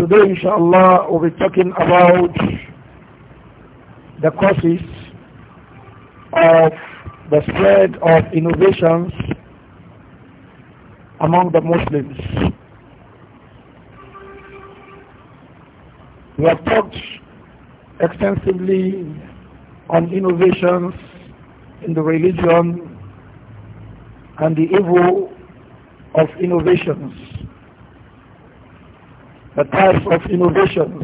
Today, inshallah, we'll be talking about the causes of the spread of innovations among the Muslims. We have talked extensively on innovations in the religion and the evil of innovations the types of innovations.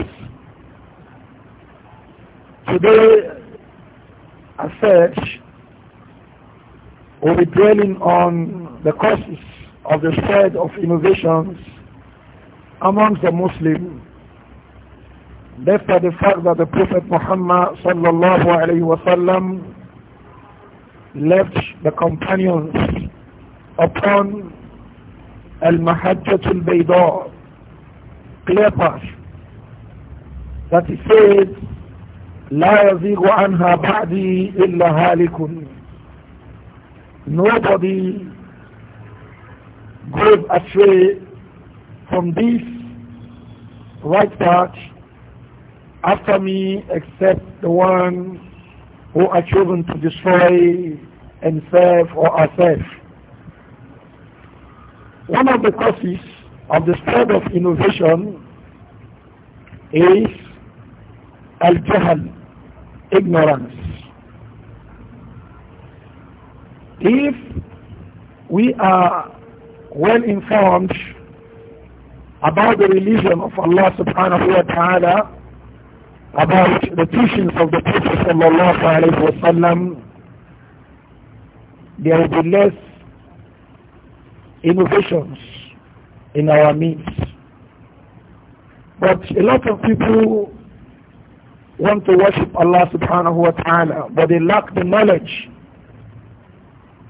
Today, as such, we'll be dwelling on the causes of the spread of innovations amongst the Muslims. After the fact that the Prophet Muhammad sallallahu alayhi wasallam left the companions upon al-mahajjatul baydah clear path that he said, لا يزيغ عنها بعدي إلا هالك nobody goes astray from this right path after me except the one who are chosen to destroy himself or herself one of the causes of the spread of innovation is al jahal ignorance. If we are well informed about the religion of Allah subhanahu wa ta'ala, about the teachings of the Prophet sallallahu alayhi wa sallam, there will be less innovations in our midst. But a lot of people want to worship Allah subhanahu wa ta'ala, but they lack the knowledge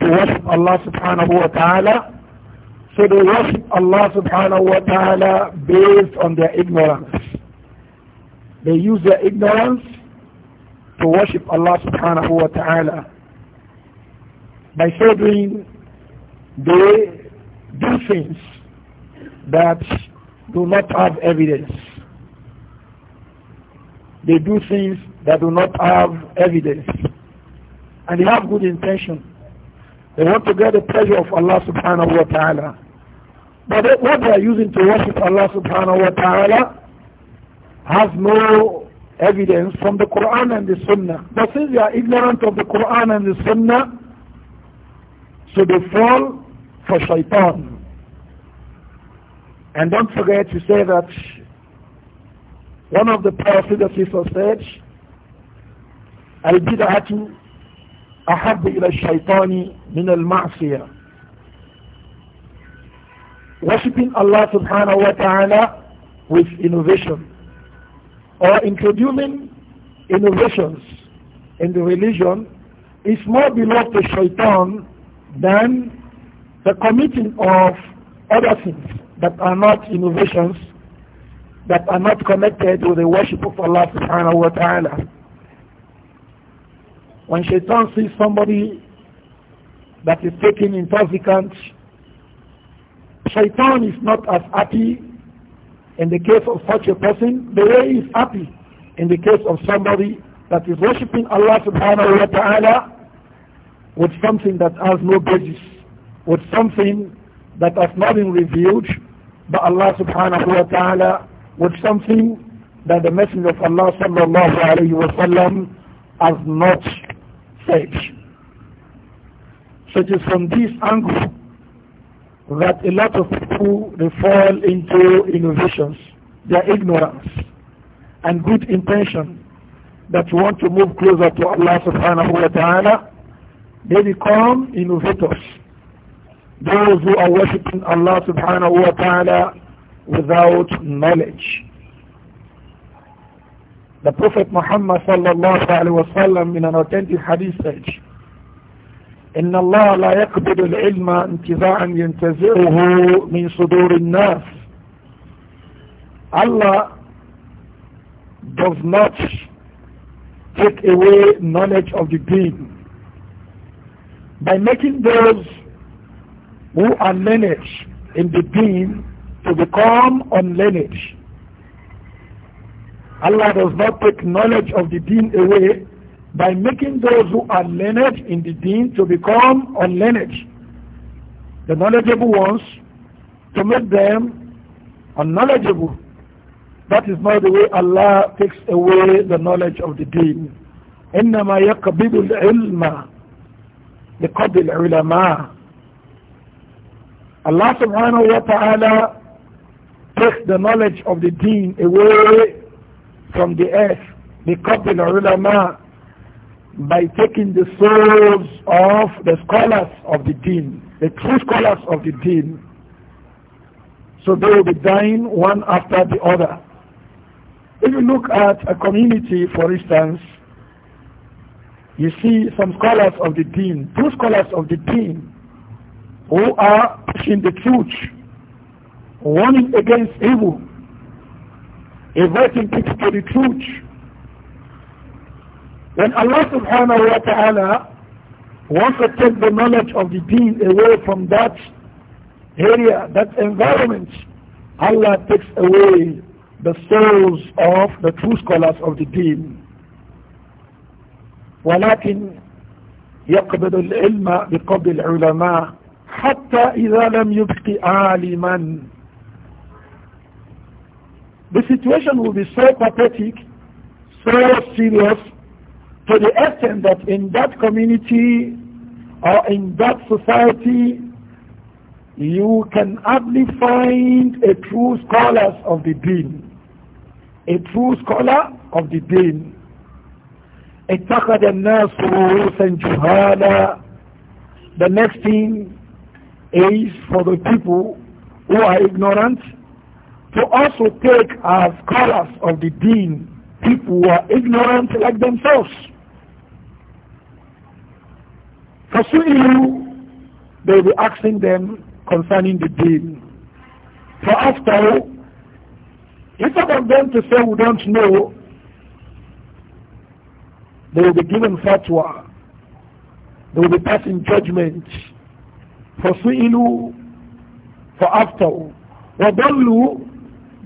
to worship Allah subhanahu wa ta'ala. So they worship Allah subhanahu wa ta'ala based on their ignorance. They use their ignorance to worship Allah subhanahu wa ta'ala. By so doing, they do things that do not have evidence. They do things that do not have evidence. And they have good intention. They want to get the pleasure of Allah subhanahu wa ta'ala. But what they are using to worship Allah subhanahu wa ta'ala has no evidence from the Quran and the Sunnah. But since they are ignorant of the Quran and the Sunnah, so they fall for shaitan. And don't forget to say that one of the power predecessors said, البدعة أحب إلى الشيطان من المعصية Worshipping Allah subhanahu wa ta'ala with innovation or introducing innovations in the religion is more beloved to shaitan than the committing of other sins that are not innovations, that are not connected with the worship of Allah subhanahu wa ta'ala. When shaitan sees somebody that is taking intoxicants, shaitan is not as happy in the case of such a person the way he is happy in the case of somebody that is worshipping Allah subhanahu wa ta'ala with something that has no basis, with something that has not been revealed but Allah subhanahu wa ta'ala with something that the Messenger of Allah sallallahu alayhi wa sallam has not said. So it is from this angle that a lot of people they fall into innovations, their ignorance and good intention that want to move closer to Allah subhanahu wa ta'ala, they become innovators those who are worshipping Allah subhanahu wa ta'ala without knowledge. The Prophet Muhammad sallallahu alaihi wasallam in an authentic hadith said, إن الله لا يقبل العلم انتزاعا ينتزعه من صدور الناس Allah does not take away knowledge of the deen by making those who are learned in the deen to become unlearned. Allah does not take knowledge of the deen away by making those who are learned in the deen to become unlearned. The knowledgeable ones to make them unknowledgeable. That is not the way Allah takes away the knowledge of the deen. إنما يقبض العلم لقبض العلماء Allah subhanahu wa ta'ala takes the knowledge of the deen away from the earth because the ulama by taking the souls of the scholars of the deen, the true scholars of the deen. So they will be dying one after the other. If you look at a community, for instance, you see some scholars of the deen, true scholars of the deen, who are pushing the truth, warning against evil, inviting people to the truth. When Allah subhanahu wa ta'ala wants to take the knowledge of the deen away from that area, that environment, Allah takes away the souls of the true scholars of the deen. ولكن يقبل العلم بقبل العلماء حتى إذا لم يبق عالما The situation will be so pathetic, so serious, to the extent that in that community or in that society, you can hardly find a true scholar of the deen. A true scholar of the deen. اتخذ الناس رؤوسا جهالا The next thing is for the people who are ignorant to also take as scholars of the deen people who are ignorant like themselves. For you, they will be asking them concerning the deen. For after all, instead of them to say we don't know, they will be given fatwa. They will be passing judgment فَسُئِلُوا فَأَفْتَرُوا وَضَلُّوا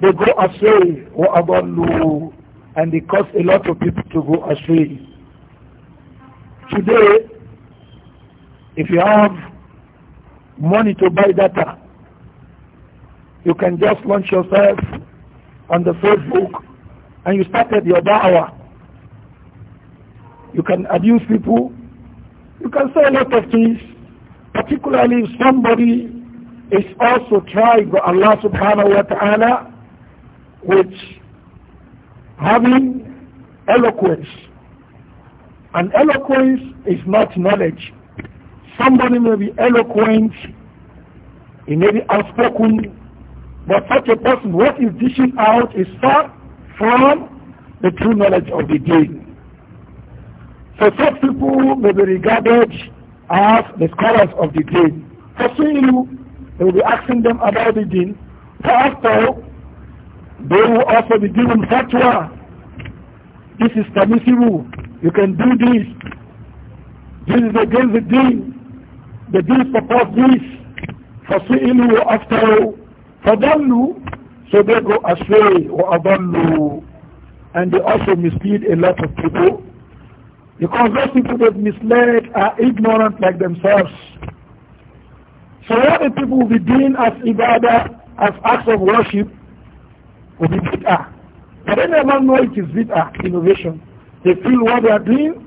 They go astray وَأَضَلُّوا And they cause a lot of people to go astray. Today, if you have money to buy data, you can just launch yourself on the Facebook and you started your da'wah. You can abuse people. You can say a lot of things particularly if somebody is also tried by Allah subhanahu wa ta'ala with having eloquence. And eloquence is not knowledge. Somebody may be eloquent, he may be outspoken, but such a person, what is dishing out is far from the true knowledge of the deen. So such people may be regarded ask the scholars of the deen. you They will be asking them about the deen. After They will also be given fatwa. This is permissible. You can do this. This is against the deen. The deen supports this. فَسُئِلُوا وَأَفْتَرُوا فَضَلُّوا So they go astray. abandon. And they also mislead a lot of people. Because those people that misled are ignorant like themselves. So what the people will be doing as ibadah, as acts of worship, will be bid'ah. But they never know it is bid'ah, innovation. They feel what they are doing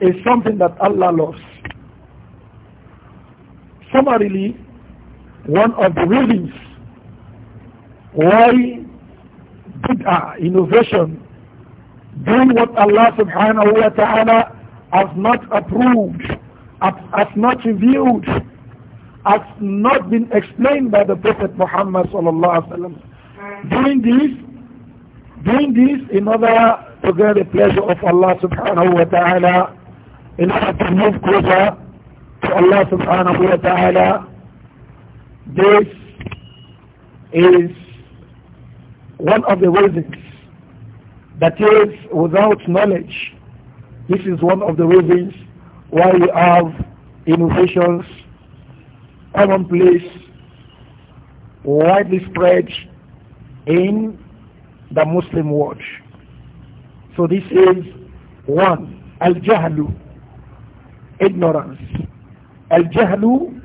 is something that Allah loves. Summarily, one of the reasons why bid'ah, innovation, doing what Allah subhanahu wa ta'ala has not approved, has not revealed, has not been explained by the Prophet Muhammad sallallahu alaihi wasallam. Doing this, doing this in order to get the pleasure of Allah subhanahu wa ta'ala, in order to move closer to Allah subhanahu wa ta'ala, this is one of the reasons that is without knowledge. This is one of the reasons why we have innovations commonplace, widely spread in the Muslim world. So this is one, al-jahlu, ignorance. Al-jahlu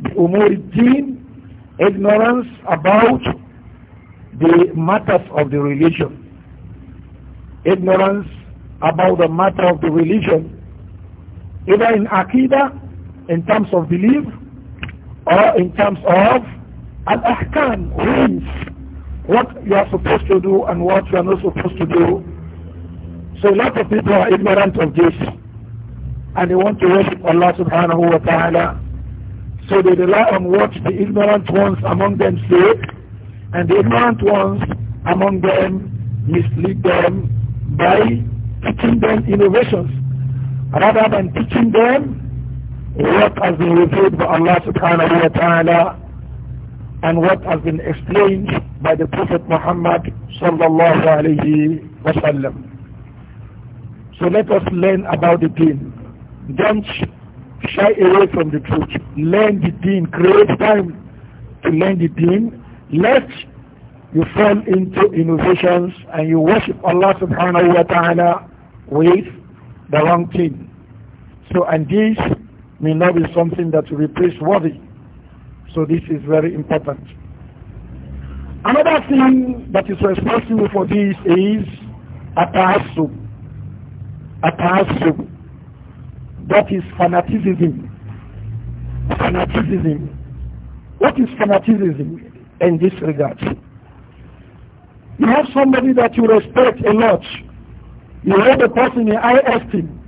bi-umur ignorance about the matters of the religion ignorance about the matter of the religion, either in akida, in terms of belief, or in terms of al-ahkam, rules, what you are supposed to do and what you are not supposed to do. So a lot of people are ignorant of this, and they want to worship Allah subhanahu wa ta'ala. So they rely on what the ignorant ones among them say, and the ignorant ones among them mislead them by teaching them innovations rather than teaching them what has been revealed by Allah subhanahu wa ta'ala and what has been explained by the Prophet Muhammad sallallahu alayhi wa sallam. So let us learn about the deen. Don't shy away from the truth. Learn the deen. Create time to learn the deen. Let you fall into innovations and you worship Allah subhanahu wa ta'ala with the wrong thing. So, and this may not be something that will be praiseworthy. So this is very important. Another thing that is responsible for this is ataasub. Ataasub. That is fanaticism. Fanaticism. What is fanaticism in this regard? You have somebody that you respect a lot. You have the person in high esteem.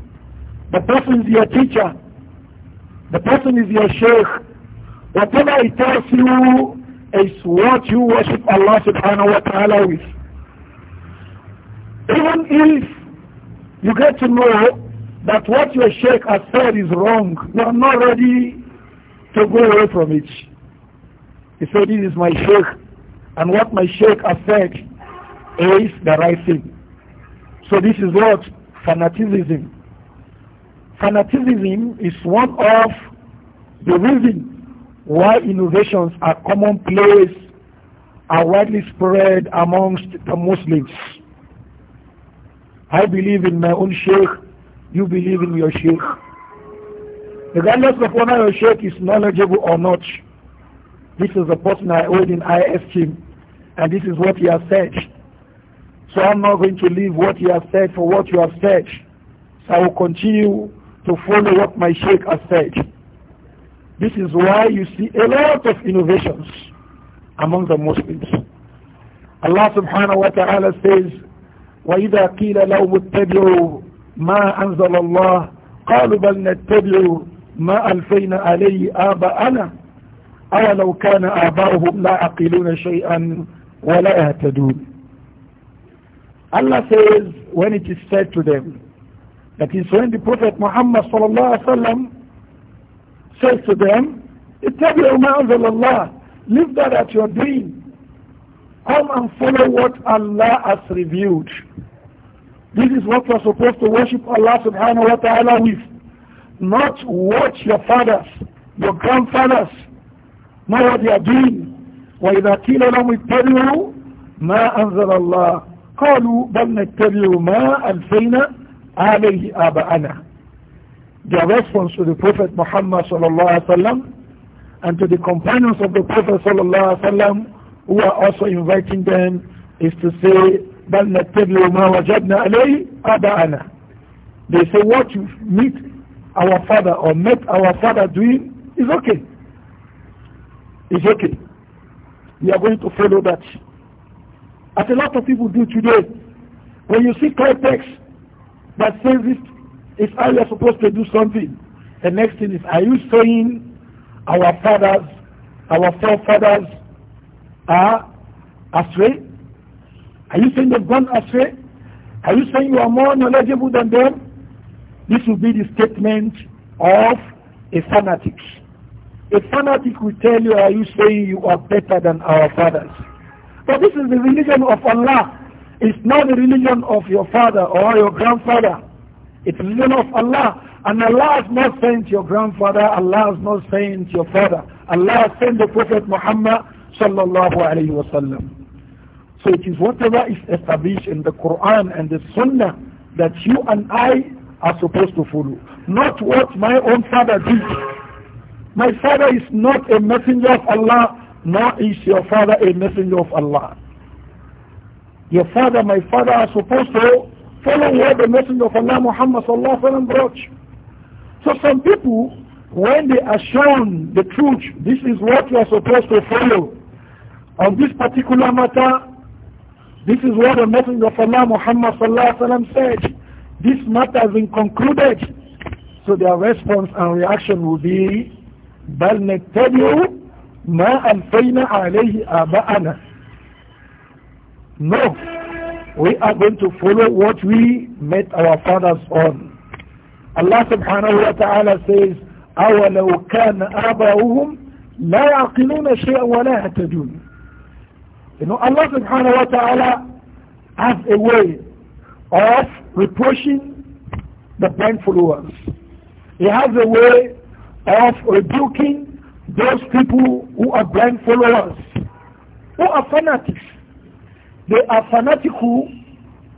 The person is your teacher. The person is your sheikh. Whatever he tells you is what you worship Allah subhanahu wa ta'ala with. Even if you get to know that what your sheikh has said is wrong, you are not ready to go away from it. He said, this is my sheikh and what my sheikh has said is the right thing. So this is what? Fanaticism. Fanaticism is one of the reasons why innovations are commonplace are widely spread amongst the Muslims. I believe in my own sheikh, you believe in your sheikh. Regardless of whether your sheikh is knowledgeable or not, this is the person I hold in high esteem, and this is what he has said. So I'm not going to leave what you have said for what you have said. So I will continue to follow what my sheikh has said. This is why you see a lot of innovations among the Muslims. Allah subhanahu wa ta'ala says, وَإِذَا قِيلَ لَهُمُ اتَّبِعُوا مَا أَنزَلَ اللَّهُ قَالُوا بَلْ نَتَّبِعُ مَا أَلْفَيْنَا عَلَيْهِ آبَاءَنَا أَوَلَوْ كَانَ آبَاؤُهُمْ لَا عَقِلُونَ شَيْئًا وَلَا يَهْتَدُونَ Allah says when it is said to them, that is when the Prophet Muhammad sallallahu alaihi wasallam says to them, "Ittabi'u ma'azal leave that at your doing. Come and follow what Allah has revealed. This is what you're supposed to worship Allah subhanahu wa ta'ala with. Not what your fathers, your grandfathers, know what they are doing. وَإِذَا قِيلَ لَهُمْ اتَّبِعُوا مَا أَنزَلَ اللَّهُ قالوا بل نتبع ما عليه آباءنا their response to the Prophet Muhammad sallallahu alaihi wasallam and to the companions of the Prophet sallallahu alaihi wasallam who are also inviting them is to say بل نتبع ما وجدنا عليه آباءنا they say what you meet our father or met our father doing is okay it's okay we are going to follow that as a lot of people do today. When you see context that says it, it's how you're supposed to do something. The next thing is, are you saying our fathers, our forefathers are astray? Are you saying they've gone astray? Are you saying you are more knowledgeable than them? This will be the statement of a fanatic. A fanatic will tell you, are you saying you are better than our fathers? But this is the religion of Allah. It's not the religion of your father or your grandfather. It's the religion of Allah. And Allah has not sent your grandfather, Allah has not sent your father. Allah has sent the Prophet Muhammad sallallahu alayhi wa sallam. So it is whatever is established in the Quran and the Sunnah that you and I are supposed to follow. Not what my own father did. My father is not a messenger of Allah nor is your father a messenger of Allah. Your father, my father are supposed to follow what the messenger of Allah Muhammad sallallahu brought. So some people, when they are shown the truth, this is what you are supposed to follow. On this particular matter, this is what the messenger of Allah Muhammad sallallahu said. This matter has been concluded. So their response and reaction will be, بَلْ نَتَّبِعُ ما ألفينا عليه آباءنا No, we are going to follow what we met our fathers on. Allah subhanahu wa ta'ala says, أَوَلَوْ كَانَ آبَاؤُهُمْ لَا يَعْقِلُونَ شَيْئًا وَلَا يَهْتَدُونَ You know, Allah subhanahu wa ta'ala has a way of reproaching the blind followers. He has a way of rebuking those people who are blind followers, who are fanatics. They are fanatical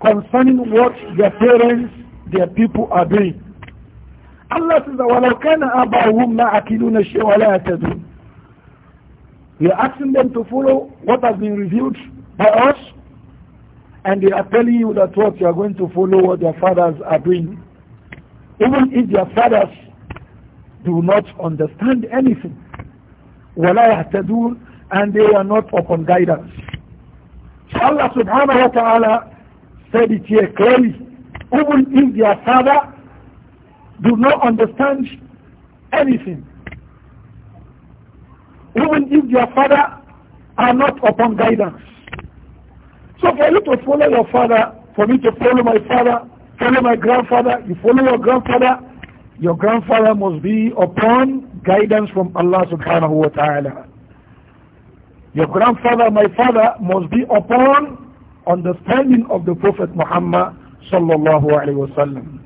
concerning what their parents, their people are doing. Allah says, وَلَوْ كَانَ أَبَاهُمْ لَا أَكِلُونَ شَيْءٍ وَلَا يَتَدُونَ We are asking them to follow what has been revealed by us, and they are telling you that what you are going to follow what their fathers are doing. Even if their fathers do not understand anything. وَلَا يَهْتَدُونَ and they are not upon guidance. So Allah subhanahu wa ta'ala said it here clearly. Even if their father do not understand anything, even if your father are not upon guidance. So for you to follow your father, for me to follow my father, follow my grandfather, you follow your grandfather, your grandfather must be upon guidance from Allah subhanahu wa ta'ala. Your grandfather, my father, must be upon understanding of the Prophet Muhammad sallallahu alayhi wasallam.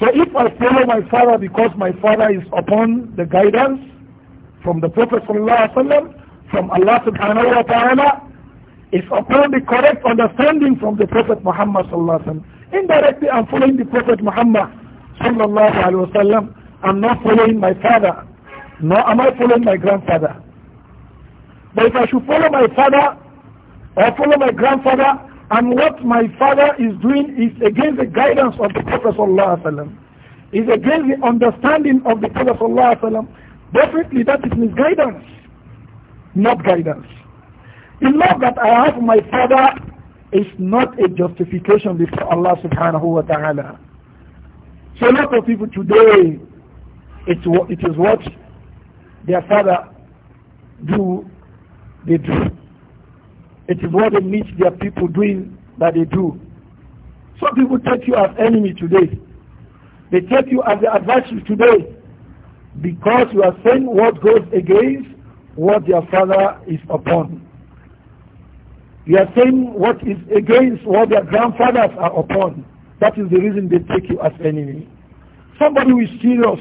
So if I follow my father because my father is upon the guidance from the Prophet sallallahu alayhi wasallam, from Allah subhanahu wa ta'ala, is upon the correct understanding from the Prophet Muhammad sallallahu alayhi Indirectly I'm following the Prophet Muhammad sallallahu alayhi wasallam. I'm not following my father nor am I following my grandfather. But if I should follow my father or follow my grandfather, and what my father is doing is against the guidance of the Prophet ﷺ, is against the understanding of the Prophet ﷺ, definitely that is misguidance, not guidance. The love that I have for my father is not a justification before Allah subhanahu wa ta'ala. So a lot of people today, it is what their father do, they do. It is what they meet their people doing that they do. Some people take you as enemy today. They take you as the adversary today because you are saying what goes against what their father is upon. You are saying what is against what their grandfathers are upon. That is the reason they take you as enemy. Somebody who is serious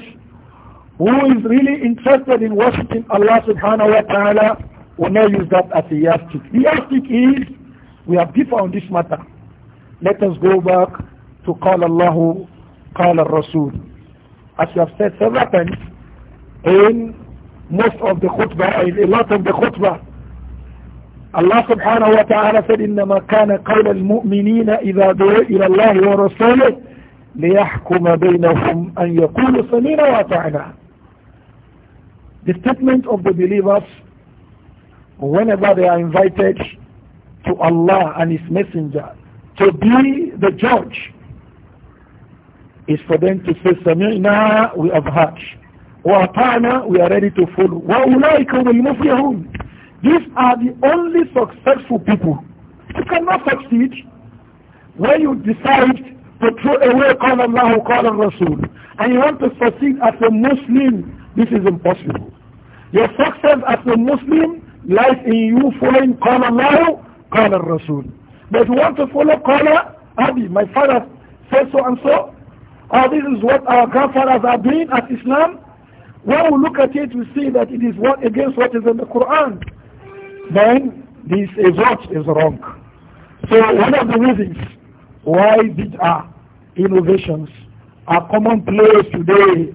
who is really interested in worshipping Allah subhanahu wa ta'ala will not use that as a yardstick. The yardstick is, we have differ on this matter. Let us go back to call Allah, call Rasul. As we have said several times, in most of the khutbah, in a lot of the khutbah, Allah subhanahu wa ta'ala said, إنما كان قول المؤمنين إذا دعوا إلى الله ورسوله ليحكم بينهم أن يقولوا سمينا وأطعنا the statement of the believers whenever they are invited to Allah and His Messenger to be the judge is for them to say, Sami'na, we have heard. Wa'ata'na, we are ready to follow. Wa'ulaika al These are the only successful people. You cannot succeed when you decide to throw away Qala Allahu Qala Rasul and you want to succeed as a Muslim this is impossible. Your success as a Muslim lies in you following Qala Allah, Qala Rasul. But you want to follow Qala Abi, my father said so and so, or oh, this is what our grandfathers are doing as Islam, when we look at it, we see that it is what against what is in the Quran. Then this is what is wrong. So one of the reasons why are innovations are commonplace today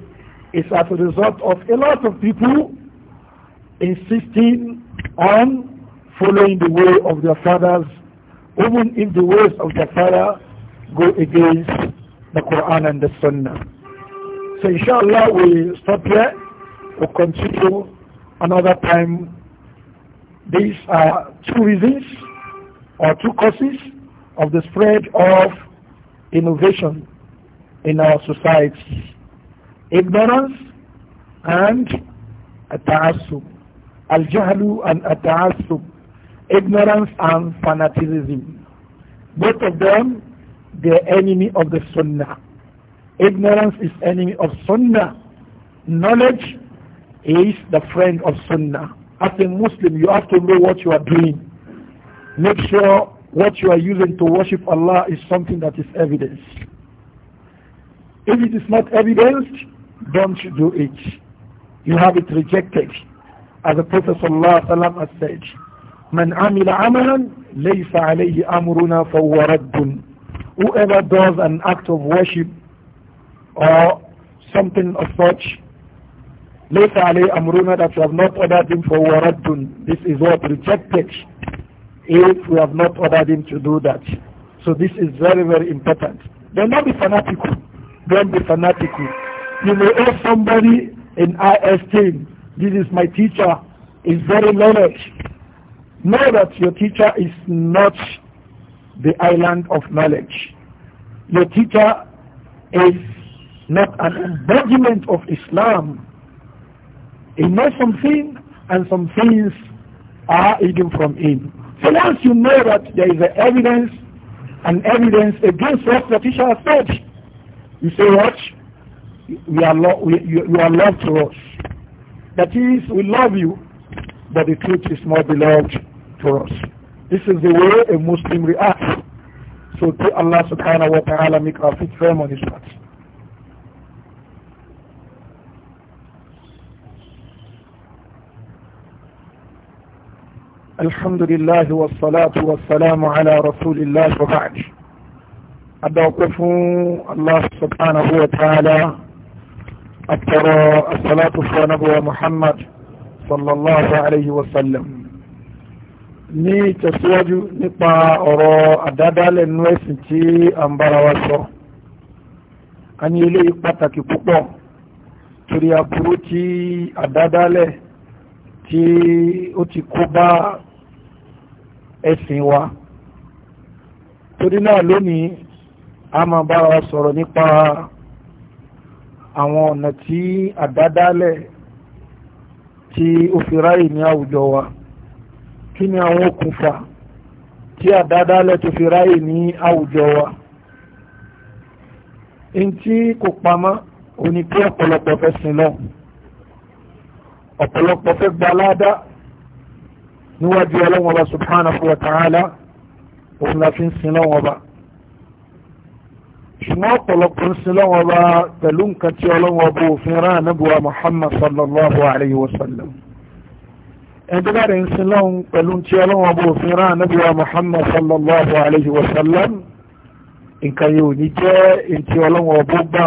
is as a result of a lot of people insisting on following the way of their fathers, even if the ways of their father go against the Quran and the Sunnah. So inshallah we stop here. We'll continue another time. These are two reasons or two causes of the spread of innovation in our societies ignorance and ta'assub. Al-jahlu and ta'assub. Ignorance and fanaticism. Both of them, they're enemy of the sunnah. Ignorance is enemy of sunnah. Knowledge is the friend of sunnah. As a Muslim, you have to know what you are doing. Make sure what you are using to worship Allah is something that is evidenced. If it is not evidenced, don't do it. You have it rejected. As the Prophet ﷺ has said, من عمل عملا ليس عليه أمرنا فهو رد Whoever does an act of worship or something of such, ليس عليه أمرنا that you have not ordered him فهو رد This is what rejected if we have not ordered him to do that. So this is very, very important. Don't be fanatical. Don't be fanatical. You may owe somebody in high esteem. This is my teacher. Is very knowledge. Know that your teacher is not the island of knowledge. Your teacher is not an embodiment of Islam. He knows something and some things are hidden from him. So once you know that there is evidence, and evidence against what the teacher has said, you say, watch, we are lo- we, you, you are loved to us. That is, we love you, but the truth is more beloved to us. This is the way a Muslim reacts. So to Allah subhanahu wa ta'ala make our feet firm on his path. الحمد لله والصلاة والسلام على رسول الله وبعد أدعوكم الله سبحانه وتعالى أكثر الصلاة فنبوة محمد صلى الله عليه وسلم ní tẹ̀síwájú nípa ọ̀rọ̀ àdádálẹ̀ nínú ẹ̀sìn tí a ń bára wa sọ a ní eléyìí pàtàkì púpọ̀ torí aburú tí àdádálẹ̀ tí ó ti kó bá ẹ̀sìn wa torí náà lónìí a máa bára wa sọ̀rọ̀ nípa àwọn ọ̀nà tí àdádálẹ̀ tí ó fi ráyè ní àwùjọ wa kí ni àwọn okùnfà tí àdádálẹ̀ tó fi ráyè ní àwùjọ wa in tí kò pamọ́ o ní kí ọ̀pọ̀lọpọ̀ fẹ́ sin náà ọ̀pọ̀lọpọ̀ fẹ́ gba aládá níwájú ọlọ́wọ́n subhanahu wa ta'ala òun la fi ń sin náà ṣùgbọ́n ọ̀pọ̀lọpọ̀ sí lọ́wọ́ bá pẹ̀lú nǹkan tí ọlọ́wọ́ bó òfin rán ànábùwà Muhammad sallallahu alayhi wa sallam ẹ̀dọ́gbà rẹ̀ ń sin lọ́wọ́ pẹ̀lú tí ọlọ́wọ́ bó òfin rán ànábùwà Muhammad sallallahu alayhi wa sallam nǹkan yóò ní jẹ́ ètí ọlọ́wọ́ bó gbà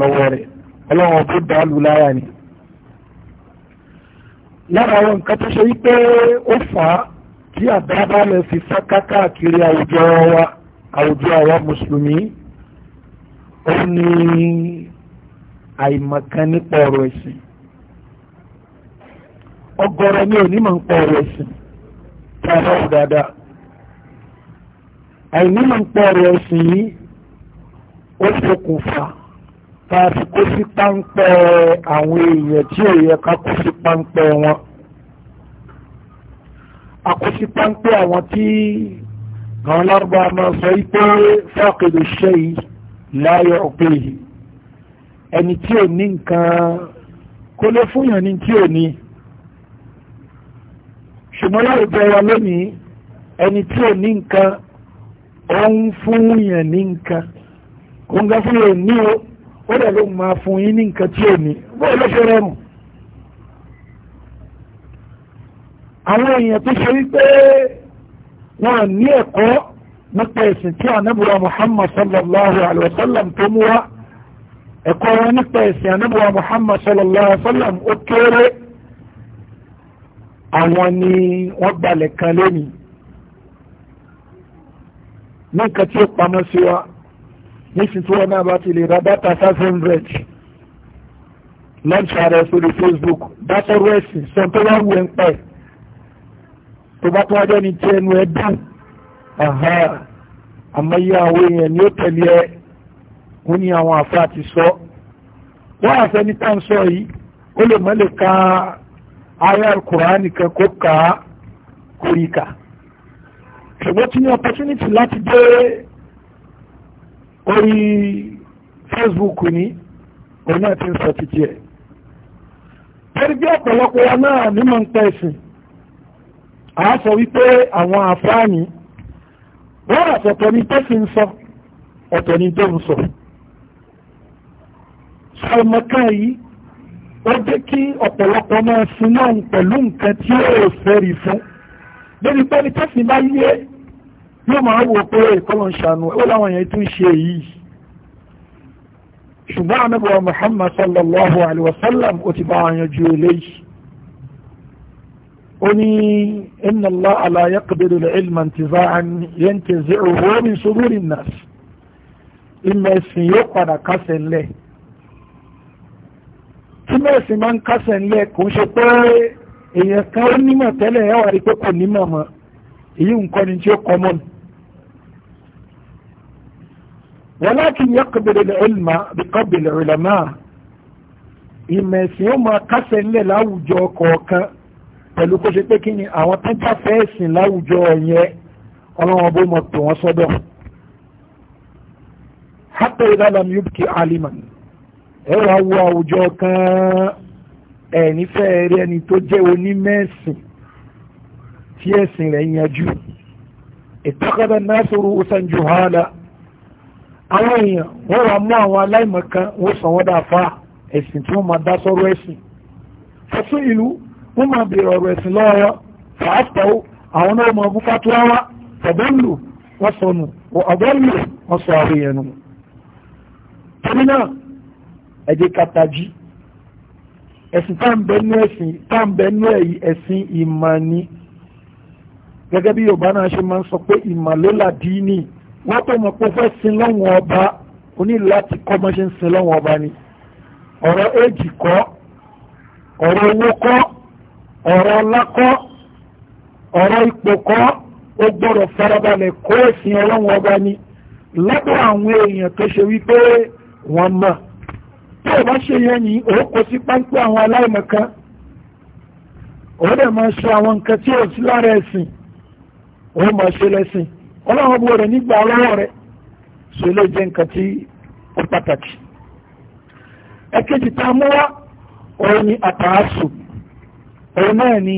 lọ́wọ́ rẹ̀ ọlọ́wọ́ bó dá lù láyà ni. lára àwọn nǹkan tó ṣe wípé ó fà á tí àdábàlẹ̀ fi fẹ́ káàkiri àwùjọ wa àwùjọ àwa mùsùlùmí ó ní àìmọ̀kan nípa ọ̀rọ̀ ẹ̀sìn ọ̀gọ̀rọ̀ ni onímọ̀ nípa ọ̀rọ̀ ẹ̀sìn tí a lọ́wọ́ dáadáa àìnímọ̀ nípa ọ̀rọ̀ ẹ̀sìn yìí ó ṣokùnfà tá a fi kó sí páńpẹ́ àwọn èèyàn tí ò yẹ ká kó sí páńpẹ́ wọn àkóso páńpẹ́ àwọn tí àwọn lárúbáwá máa sọ yìí pé fáàkìlì ṣe yìí láyọ̀ pé ẹni tí ò ní nǹkan kó lè fúnyàn ní tí ò ní ṣùgbọ́n láwùjọ wa lónìí ẹni tí ò ní nǹkan ó ń fúnyàn ní nǹkan ó ń gá fúnyàn ní o ó dẹ̀ ló máa fún yín ní nǹkan tí ò ní bóyá ló ṣe rọrùn àwọn èèyàn tó ṣe wípé wọn ní ẹ̀kọ́ nípa ẹ̀sìn tí anábùwà muhammad sallallahu alayhi wa sallam tó mú wá ẹ̀kọ́ wọn nípa ẹ̀sìn anábùwà muhammad sallallahu alayhi wa sallam ó kéré àwọn ni wọ́n gbalẹ̀ kan lónìí ní nǹkan tí ó pamọ́ sí wa nísìn tí wọ́n náà bá ti lè ra data five hundred lọ́nṣà rẹ̀ sórí facebook dátọ́rọ̀ ẹ̀sìn sọ tó wá wù ẹ́ ń pẹ́ tó bá tó wájọ́ ni tí ẹnu ẹ dùn. Aha, àwọn èèyàn ni ó tẹ̀lé ẹ wọ́n ní àwọn àfa ti sọ wọ́n àfẹ́ni tá ń sọ yìí ó lè mọ́ lè ka ayé alukùránì kan kó kà á kó ṣùgbọ́n tí ní opportunity láti dé orí Facebook ní òun náà ti ń sọ títí ẹ̀ pẹ̀lú bí ọ̀pọ̀lọpọ̀ wa náà ní mọ̀ ń pẹ̀ sìn àá sọ wípé àwọn àfáàní rárá ọ̀tọ̀ ni tó fi ń sọ ọ̀tọ̀ ni tó ń sọ sọmọká yìí ó jẹ́ kí ọ̀pọ̀lọpọ̀ máa sin náà pẹ̀lú nǹkan tí ó fẹ́rí fún débi pé ní tó fi bá yé yóò máa wò pé ìkọlọ̀ ń ṣàánú ó láwọn èèyàn tún ṣe yìí ṣùgbọ́n anábọ̀ Muhammad sallallahu alaihi wasallam ó ti bá wọn yanjú eléyìí أني إن الله لا يقبل العلم انتزاعا ينتزعه من صدور الناس إما اسم يقعد كسن له إما اسم من كسن له كون شطوه إيا كان نما تلا يواري كوكو نما ما إيا نكون انتو قمون ولكن يقبل العلم بقبل العلماء إما اسم يوم كسن له لو جو كوكا pẹ̀lú kó ṣe pé kí ni àwọn tẹ́ńtà fẹ́ẹ̀sìn láwùjọ yẹn ọlọ́wọ́n bó mọ̀ tó wọ́n sọ́dọ̀ hatta idha lam yubki aliman ẹ̀rọ awọ àwùjọ kan ẹ̀ní fẹ́ẹ́ rí ẹni tó jẹ́ onímẹ̀sìn tí ẹ̀sìn rẹ̀ yanjú ìtọ́kadà náà sọ̀rọ̀ ọ̀sán jù hàlà àwọn èèyàn wọ́n wà mú àwọn aláìmọ̀kan wọ́n sọ wọ́n dà fa ẹ̀sìn tí wọ́n máa dá sọ́rọ̀ ẹ̀sìn fẹ́sùn ìlú wọ́n máa bèèrè ọ̀rọ̀ ẹ̀sìn lọ́wọ́ fàátọ̀ àwọn náà máa bú fatuwa wá tọ̀bọ́lù wọ́n nù ọ̀bọ́lù wọ́n sọ àwọn èèyàn nù. torí náà ẹ̀jẹ̀ kàtàjì ẹ̀sìn táǹbẹ̀nú ẹ̀sìn táǹbẹ̀nú ẹ̀sìn ìmọ̀ ni gẹ́gẹ́ bí yorùbá náà ṣe máa ń sọ pé ìmọ̀ ló là díínì wọ́n tó mọ̀ pé fẹ́ sin ọba oní láti kọ́ mọ́ ṣe ń sin ọba ni ọ̀rọ̀ èjì kọ́ ọ̀rọ̀ owó kọ́ ọ̀rọ̀ ọlákọ́ ọ̀rọ̀ ipò kọ́ ó gbọ́dọ̀ farabalẹ̀ kó èsìn ọlọ́run ọba ni àwọn èèyàn tó ṣe wípé wọ́n mọ̀ tí ò bá ṣe yẹn yìí ó sí páńpẹ́ àwọn aláìmọ̀kan ó dẹ̀ máa ṣe àwọn nǹkan tí sí lára ẹ̀sìn ó máa ṣe lẹ́sìn ọlọ́run ọba rẹ̀ nígbà ọlọ́wọ́ rẹ̀ ṣe ló jẹ́ nǹkan tí òun náà ni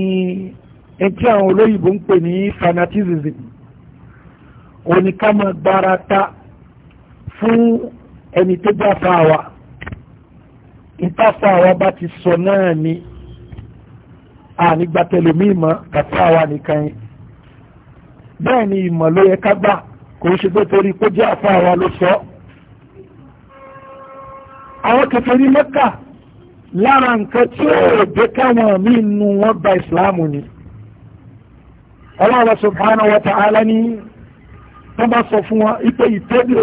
ẹni tí àwọn olóyìnbó ń pè ní fanaticism òun ni ká máa gbára ta fún ẹni tó bá fa àwa ìtàfà àwa bá ti sọ náà ni ànígbà tẹlẹmí mọ kàtà àwa nìkan yìí bẹ́ẹ̀ ni ìmọ̀ ló yẹ ká gbà kò ṣe pé torí kó jẹ́ àfa àwa ló sọ àwọn kèfèrí Mẹ́kà lára nǹkan tí ó jẹ́ káwọn mí nù wọ́n bá ìsìláàmù ni Allah subhanahu wa ta'ala ní wọ́n bá sọ fún wọn ìtẹ́bí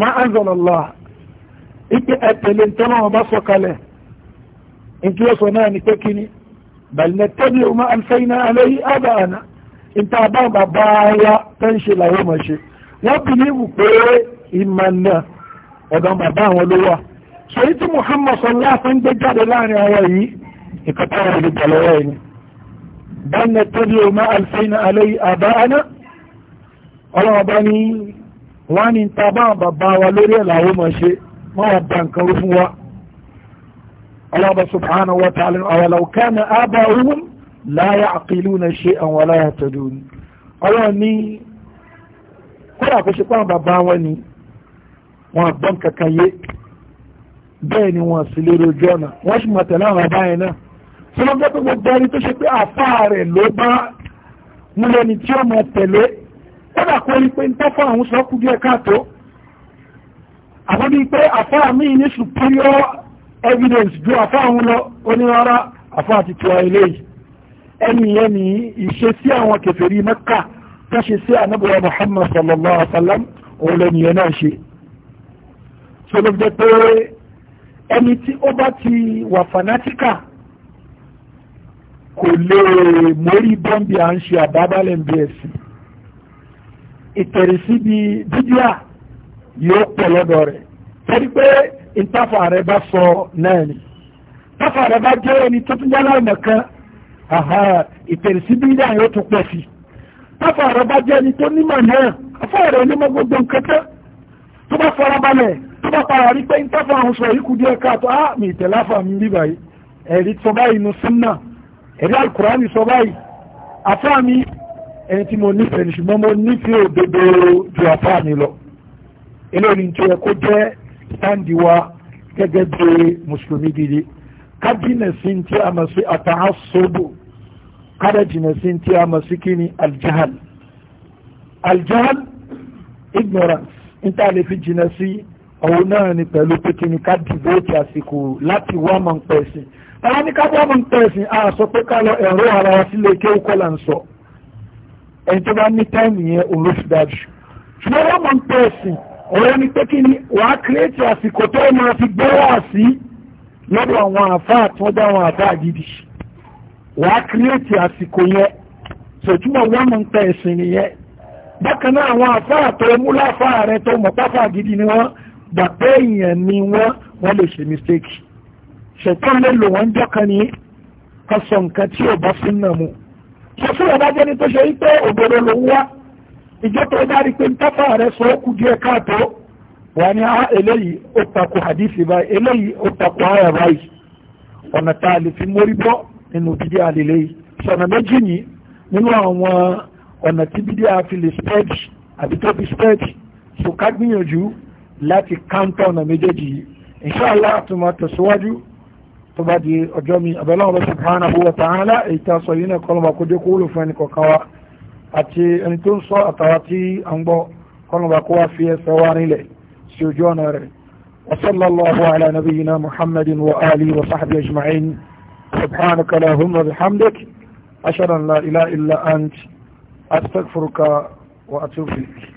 ma anzalallah ipe ẹ̀tẹ̀lẹ̀ tọ́lọ́ wọn bá sọ kalẹ̀ nkí náà ní pé ma ṣèyí tí Muhammad sọlá fún gbé jáde láàrin àwọn yìí ìkàtàrà ìdìjà lọ́wọ́ ẹni bánà tẹ́lẹ̀ ọmọ alfẹ́nà alẹ́ àbá aná ọlọ́ọ̀bá ní wọ́n ní ta bá bàbá wa lórí ẹ̀làwó mọ̀ ṣe wọ́n wà bá nǹkan rú fún wa ọlọ́ọ̀bá subhanahu wa ta'ala awalaw kana aba'uhum la ya'qiluna shay'an wa la yahtadun ọlọ́ọ̀ ní kúrò àkóṣepọ̀ bàbá wọn ni wọ́n gbọ́n kankan yé bẹ́ẹ̀ ni wọ́n sì lè rojú ọ̀nà wọ́n sì mọ̀ tẹ̀lé àwọn àbáyẹn náà tí wọ́n gbọ́ gbogbo ẹni tó ṣe pé àfá rẹ̀ ló bá múlẹ̀ ni tí ó mọ̀ tẹ̀lé kódà kó rí pé ń tọ́fọ́ àwọn sọ kú díẹ̀ káàtó àmọ́ bíi pé àfá mi ní superior evidence ju àfá àwọn lọ onírọ́rá àfá àti tiwa eléyìí ẹni yẹn ni ìṣe sí àwọn kèfèrí Mẹ́kà tó ṣe sí anábìyà Muhammad sallallahu alaihi wa sallam òun lẹ́nu yẹn náà ṣe. sọlọ́bù pé ẹni tí ó bá ti wà fanatika kò lè mórí bọ́m̀bì à ń ṣe àbábálẹ̀ ń bí ẹ̀sìn ìtẹ̀rìsí bí dídíà yóò pọ̀ rẹ̀ torí pé ìtafà rẹ̀ bá sọ náà ni ìtafà rẹ̀ bá jẹ́ ẹni tó tún yálà pọ̀ sí ìtafà rẹ̀ bá jẹ́ ẹni tó nímọ̀ náà rẹ̀ onímọ̀ gbogbo nǹkan tó tó bá para rí pé ìtafà àwọn sọ yìí díẹ̀ káàtó á ah, mi ìtẹ̀láfà mi rí báyìí ẹ̀rí sọ báyìí nu súnà ẹ̀rí alukurani sọ báyìí afá mi ẹni tí mo nífẹ̀ẹ́ ní ṣùgbọ́n mo nífẹ̀ẹ́ òdodo ju afá mi lọ eléyìí ní tí ó yẹ kó jẹ́ sáǹdì wa gẹ́gẹ́ bí mùsùlùmí gidi kábínẹ̀ sí a mọ̀ sí àtàásóbò kada jina tí a masu kini aljahal aljahal ignorance in ta lè fi jina sí òun náà ni pẹ̀lú pé kí ni ká dìbòtì àsìkò láti wá mọ̀ ń pẹ̀sìn àwọn ní ká wá mọ̀ ń pẹ̀sìn a sọ pé ká lọ ẹ̀rọ ara wa sílé kí ó kọ́ là ń sọ ẹni tó bá ní táìmì yẹn òun ló fi dájú ṣùgbọ́n wá mọ̀ ń pẹ̀sìn òun ni pé kí ni wàá kírètì àsìkò tó máa fi gbé wá sí lọ́dọ̀ àwọn àfáà tó dá àwọn àfáà gidi wàá kírètì àsìkò yẹn sọ̀túnmọ̀ wá mọ̀ ń pẹ̀sìn nìyẹn bákan náà àwọn àfáà tó mú láfáà rẹ tó mọ̀ pápá gidi ni wọ́n gbàgbé èèyàn ni wọ́n wọ́n lè ṣe mistake ṣẹ̀tàn lè lò wọ́n jọ́kan ní kọsọ̀ nǹkan tí ò bá fún náà mu ṣe fún ọ̀dá jẹ́ni tó ṣe yí pé òbòrò ló wá ìjọ tó dárí pé ntọ́fà rẹ̀ sọ ó kù díẹ̀ káàtó wà ní á ah, eléyìí ó takò hadisi báyìí eléyìí ó takò ayà báyìí ọ̀nà tá a lè fi mórí bọ́ nínú bídí àlèlè yìí sọ̀nà méjì ní nínú àwọn ọ̀nà tí bídí àfi lè spẹ́ẹ̀dì àbí tó fi spẹ́ẹ̀dì sùkà gbìyànjú láti káńtọ̀ ọ̀nà méjèèjì yìí inṣáàlá àtúmọ̀ tẹ̀síwájú tó bá di ọjọ́ mi àbẹ̀lọ́wọ̀ subhanahu wa ta'ala èyí tá a sọ yìí náà kọ́lọ́mà kó dé kúrò fún ẹnì kọ̀ọ̀kan wa àti ẹni tó ń sọ àtàwà tí a ń gbọ́ kọ́lọ́mà kó wá fi ẹsẹ̀ wá nílẹ̀ sí ojú ọ̀nà rẹ̀ وصلى الله على نبينا محمد وآله وصحبه أجمعين سبحانك اللهم وبحمدك أشهد أن لا إله إلا أنت أستغفرك وأتوب إليك